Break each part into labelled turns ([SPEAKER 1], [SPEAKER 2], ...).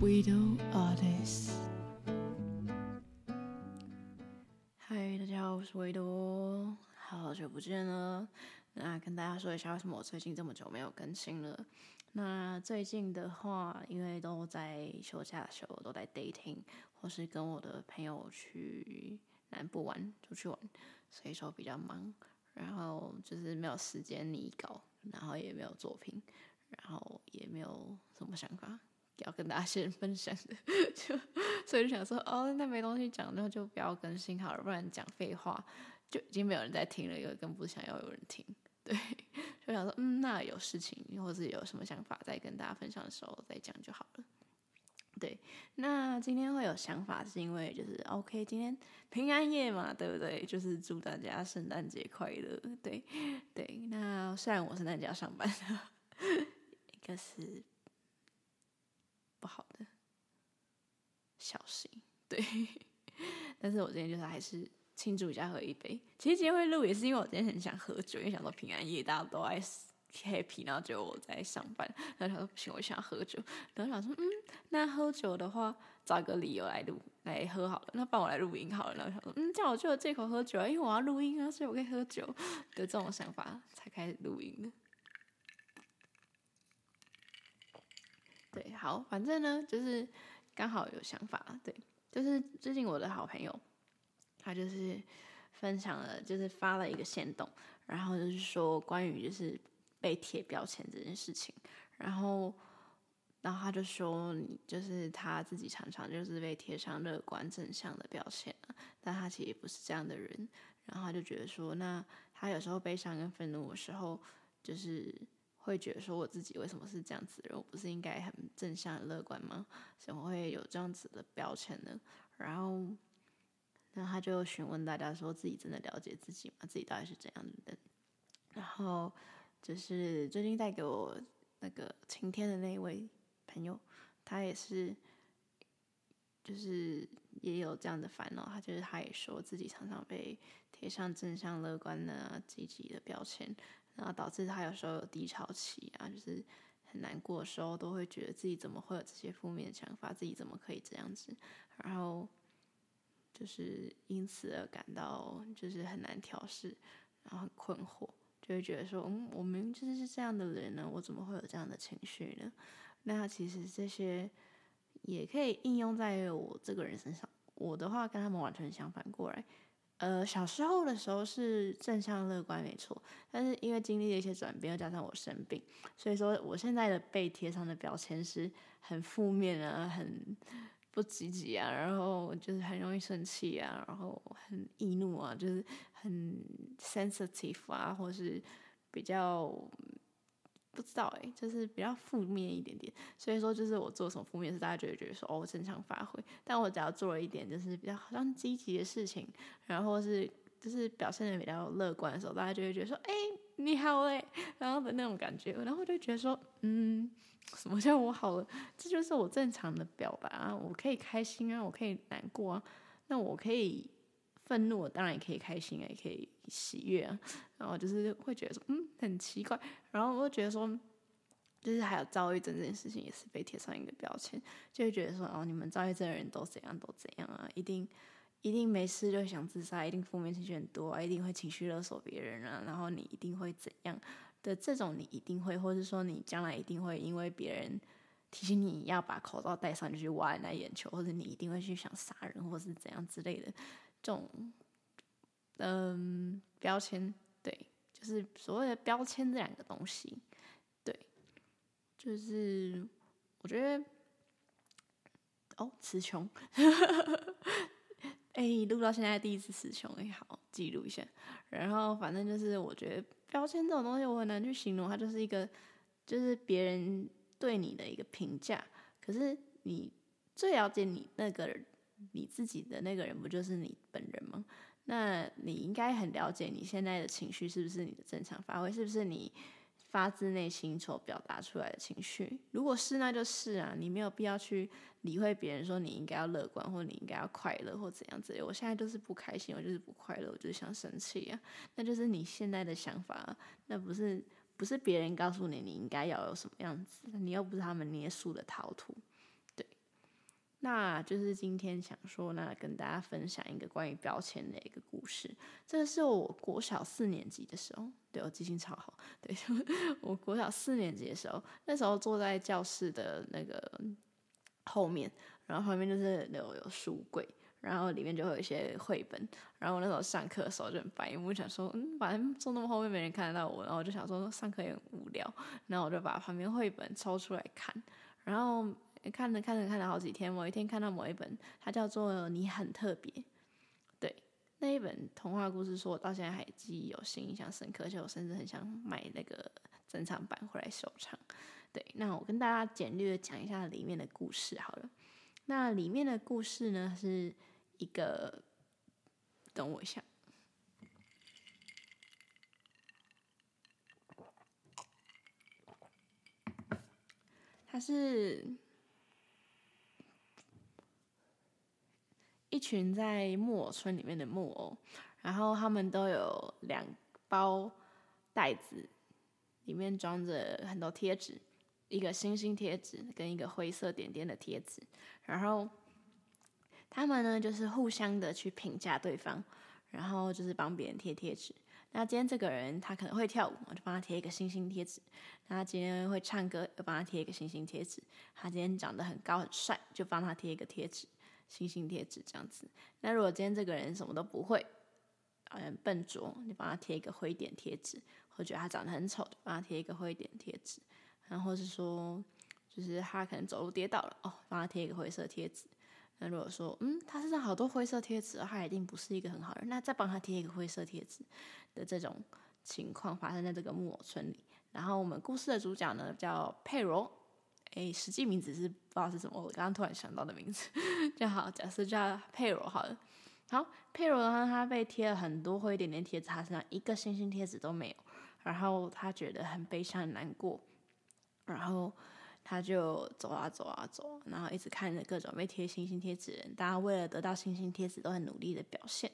[SPEAKER 1] Widow Attis。嗨，大家好，我是維多，好久不見了。那跟大家說一下，為什麼我最近這麼久沒有更新了？那最近的話，因為都在休假的時候，都在 dating，或是跟我的朋友去南部玩，出去玩，所以說比較忙，然後就是沒有時間擬稿，然後也沒有作品，然後也沒有什麼想法。要跟大家先分享的，就所以就想說，哦，那沒東西講，那就不要更新好了，不然講廢話，就已經沒有人在聽了，又更不想要有人聽。對，就想說，嗯，那有事情，或是自己有什麼想法，再跟大家分享的時候再講就好了。對，那今天會有想法，是因為就是 OK，今天平安夜嘛，對不對？就是祝大家聖誕節快樂。對對，那雖然我聖誕節要上班了，了 可是。不好的消息對。 但是我今天就是還是慶祝一下，喝一杯。其實今天會錄也是因為我今天很想喝酒，因為想到平安夜大家都愛 happy，然後就我在上班。然後想說不行，我想要喝酒。然後想說嗯，那喝酒的話，找個理由來錄來喝好了。那幫我來錄音好了。然後想說嗯，這樣我就有借口喝酒啊，因為我要錄音啊，所以我可以喝酒的這種想法，才開始錄音的。對，好，反正呢，就是剛好有想法。對，就是最近我的好朋友，他就是分享了，就是發了一個限動，然後就是說關於就是被貼標籤這件事情，然後，然後他就說，就是他自己常常就是被貼上樂觀正向的標籤啊，但他其實不是這樣的人，然後他就覺得說，那他有時候悲傷跟憤怒的時候，就是。會覺得說我自己為什麼是這樣子的人？我不是應該很正向、樂觀嗎？怎麼會有這樣子的標籤呢？然後，那他就詢問大家說，自己真的了解自己嗎？自己到底是怎樣的人？然後，就是最近帶給我那個晴天的那一位朋友，他也是，就是也有這樣的煩惱。他就是他也說自己常常被貼上正向、樂觀的、啊、積極的標籤。然後導致他有時候有低潮期啊，就是很難過的時候，都會覺得自己怎麼會有這些負面的想法，自己怎麼可以這樣子？然後就是因此而感到就是很難調適，然後很困惑，就會覺得說，嗯，我明明就是是這樣的人呢，我怎麼會有這樣的情緒呢？那其實這些也可以應用在我這個人身上，我的話跟他們完全相反過來。呃，小時候的時候是正向樂觀，沒錯。但是因為經歷了一些轉變，又加上我生病，所以說我現在的被貼上的標籤是很負面啊，很不積極啊，然後就是很容易生氣啊，然後很易怒啊，就是很 sensitive 啊，或是比較。不知道哎、欸，就是比較負面一點點，所以說就是我做什麼負面事，大家就會覺得說哦，正常發揮。但我只要做了一點就是比較好像積極的事情，然後是就是表現的比較樂觀的時候，大家就會覺得說哎、欸、你好嘞，然後的那種感覺，然後就覺得說嗯，什麼叫我好了？這就是我正常的表達啊，我可以開心啊，我可以難過啊，那我可以。憤怒，我當然也可以開心也可以喜悅啊。然後就是會覺得說，嗯，很奇怪。然後我就覺得說，就是還有躁鬱症這件事情也是被貼上一個標籤，就會覺得說，哦，你們躁鬱症的人都怎樣都怎樣啊，一定一定沒事就想自殺，一定負面情緒很多啊，一定會情緒勒索別人啊。然後你一定會怎樣的這種，你一定會，或是說你將來一定會因為別人提醒你要把口罩戴上就去，去挖人家眼球，或者你一定會去想殺人，或是怎樣之類的。這種嗯、呃，標籤對，就是所謂的標籤這兩個東西，對，就是我覺得哦，詞窮，哎，錄、欸、到現在第一次詞窮，哎，好，記錄一下。然後反正就是，我覺得標籤這種東西，我很難去形容，它就是一個，就是別人對你的一個評價。可是你最了解你那個人。你自己的那個人不就是你本人嗎？那你應該很了解你現在的情緒是不是你的正常發揮，是不是你發自內心所表達出來的情緒？如果是，那就是啊，你沒有必要去理會別人說你應該要樂觀，或你應該要快樂，或怎樣子。我現在就是不開心，我就是不快樂，我就是想生氣啊。那就是你現在的想法，那不是不是別人告訴你，你應該要有什麼樣子，你又不是他們捏塑的陶土。那就是今天想說，那跟大家分享一個關於標籤的一個故事。這個是我國小四年級的時候，對，我記性超好。對，我國小四年級的時候，那時候坐在教室的那個後面，然後後面就是有有書櫃，然後裡面就會有一些繪本。然後我那時候上課的時候就很煩，因為我就想說，嗯，反正坐那麼後面沒人看得到我，然後我就想說上課也很無聊，然後我就把旁邊繪本抽出來看，然後。看着看着看了好幾天，某一天看到某一本，它叫做《你很特別》，對，那一本童話故事書，我到現在還記憶猶新、印象深刻，就我甚至很想買那個珍藏版回來收藏。對，那我跟大家簡略的講一下裡面的故事好了。那裡面的故事呢，是一個，等我一下，它是。一群在木偶村裡面的木偶，然後他們都有兩包袋子，裡面裝着很多貼紙，一個星星貼紙跟一個灰色點點的貼紙。然後他們呢，就是互相的去評價對方，然後就是幫別人貼貼紙。那今天這個人他可能會跳舞，我就幫他貼一個星星貼紙；那他今天會唱歌，又幫他貼一個星星貼紙；他今天長得很高很帥，就幫他貼一個貼紙。星星貼紙這樣子，那如果今天這個人什麼都不會，好像笨拙，你幫他貼一個灰點貼紙，或者覺得他長得很醜，幫他貼一個灰點貼紙，然後是說，就是他可能走路跌倒了，哦，幫他貼一個灰色貼紙。那如果說，嗯，他身上好多灰色貼紙，他一定不是一個很好的人，那再幫他貼一個灰色貼紙的這種情況發生在這個木偶村裡。然後我們故事的主角呢，叫佩蓉。誒，實際名字是不知道是什麼，我剛剛突然想到的名字，就好，假設叫佩羅好了。好，佩羅的話，他被貼了很多灰點點貼紙，他身上一個星星貼紙都沒有，然後他覺得很悲傷、很難過，然後他就走啊走啊走，然後一直看着各種被貼星星貼紙人，大家為了得到星星貼紙都很努力的表現，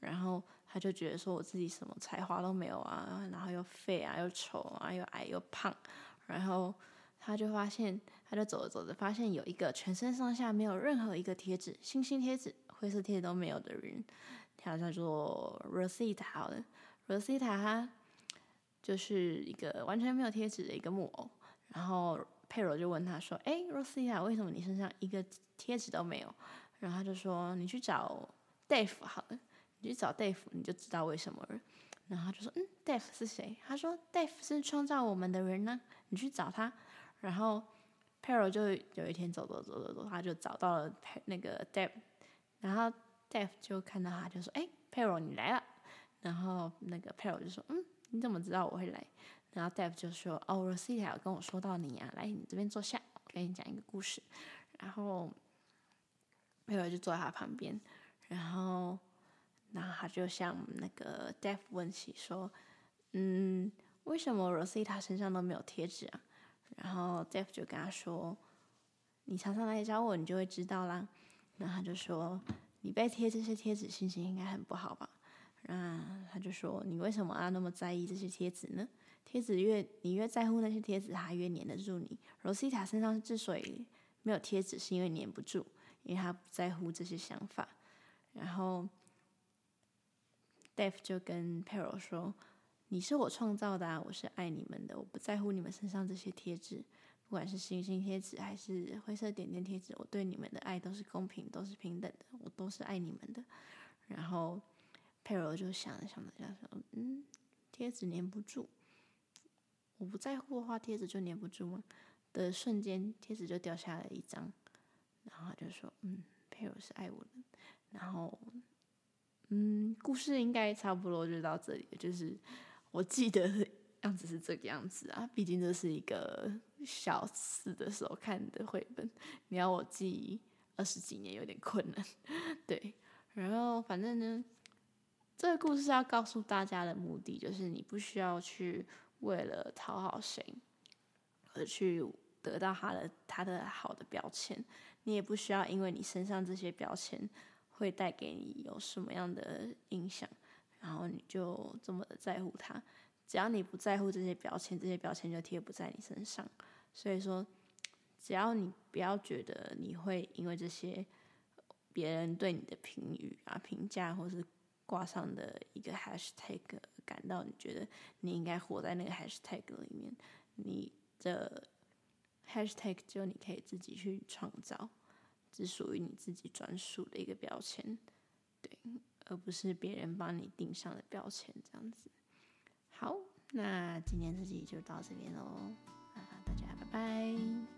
[SPEAKER 1] 然後他就覺得說，我自己什麼才華都沒有啊，然後又廢啊，又醜啊，又矮，又矮，又胖，然後。他就發現，他就走着走着，發現有一個全身上下沒有任何一個貼紙、星星貼紙、灰色貼紙都沒有的人。他叫做叫 Rosita，好的，Rosita 哈，就是一個完全沒有貼紙的一個木偶。然後佩羅就問他說：“哎，Rosita，為什麼你身上一個貼紙都沒有？”然後他就說：“你去找 Dave，好的，你去找 Dave，你就知道為什麼了。”然後他就說：“嗯，Dave 是誰？”他說：“Dave 是創造我們的人呢、啊，你去找他。”然後 Pearl 就有一天走走走走走，他就找到了 Pero，那個 Deaf，然後 Deaf 就看到他，就說：“哎、欸、Pearl 你來了。”然後那個 Pearl 就說：“嗯，你怎麼知道我會來？”然後 Deaf 就說：“哦，Rosita 有跟我說到你啊，來，你這邊坐下，我給你講一個故事。”然後 Pearl 就坐在他旁邊，然後，然後他就向那個 Deaf 問起說：“嗯，為什麼 Rosita 身上都沒有貼紙啊？”然後 Dev 就跟他說：“你常常來找我，你就會知道啦。”然後他就說：“你被貼這些貼紙，心情應該很不好吧？”那他就說：“你為什麼要那麼在意這些貼紙呢？貼紙越你越在乎那些貼紙，他越粘得住你。Rosita 身上之所以沒有貼紙，是因為粘不住，因為他不在乎這些想法。”然後 Dev 就跟 Perro 說。你是我創造的，啊，我是愛你們的，我不在乎你們身上這些貼紙，不管是星星貼紙還是灰色點點貼紙，我對你們的愛都是公平，都是平等的，我都是愛你們的。然後佩柔就想了想了一下，說：“嗯，貼紙粘不住，我不在乎的話，貼紙就粘不住嘛，的瞬間，貼紙就掉下了一張，然後他就說：“嗯，佩柔是愛我的。”然後，嗯，故事應該差不多就到這裡，就是。我記得樣子是這個樣子啊，畢竟這是一個小四的時候看的繪本，你要我記二十幾年有點困難，對。然後反正呢，這個故事是要告訴大家的目的，就是你不需要去為了討好誰，而去得到他的他的好的標籤，你也不需要因為你身上這些標籤會帶給你有什麼樣的影響。然後你就這麼的在乎他，只要你不在乎這些標籤，這些標籤就貼不在你身上。所以說，只要你不要覺得你會因為這些別人對你的評語啊、評價，或是掛上的一個 hashtag，感到你覺得你應該活在那個 hashtag 裡面，你的 hashtag 就你可以自己去創造，只屬於你自己專屬的一個標籤。而不是別人幫你定上的標籤，這樣子。好，那今天這集就到這邊嘍，那大家拜拜。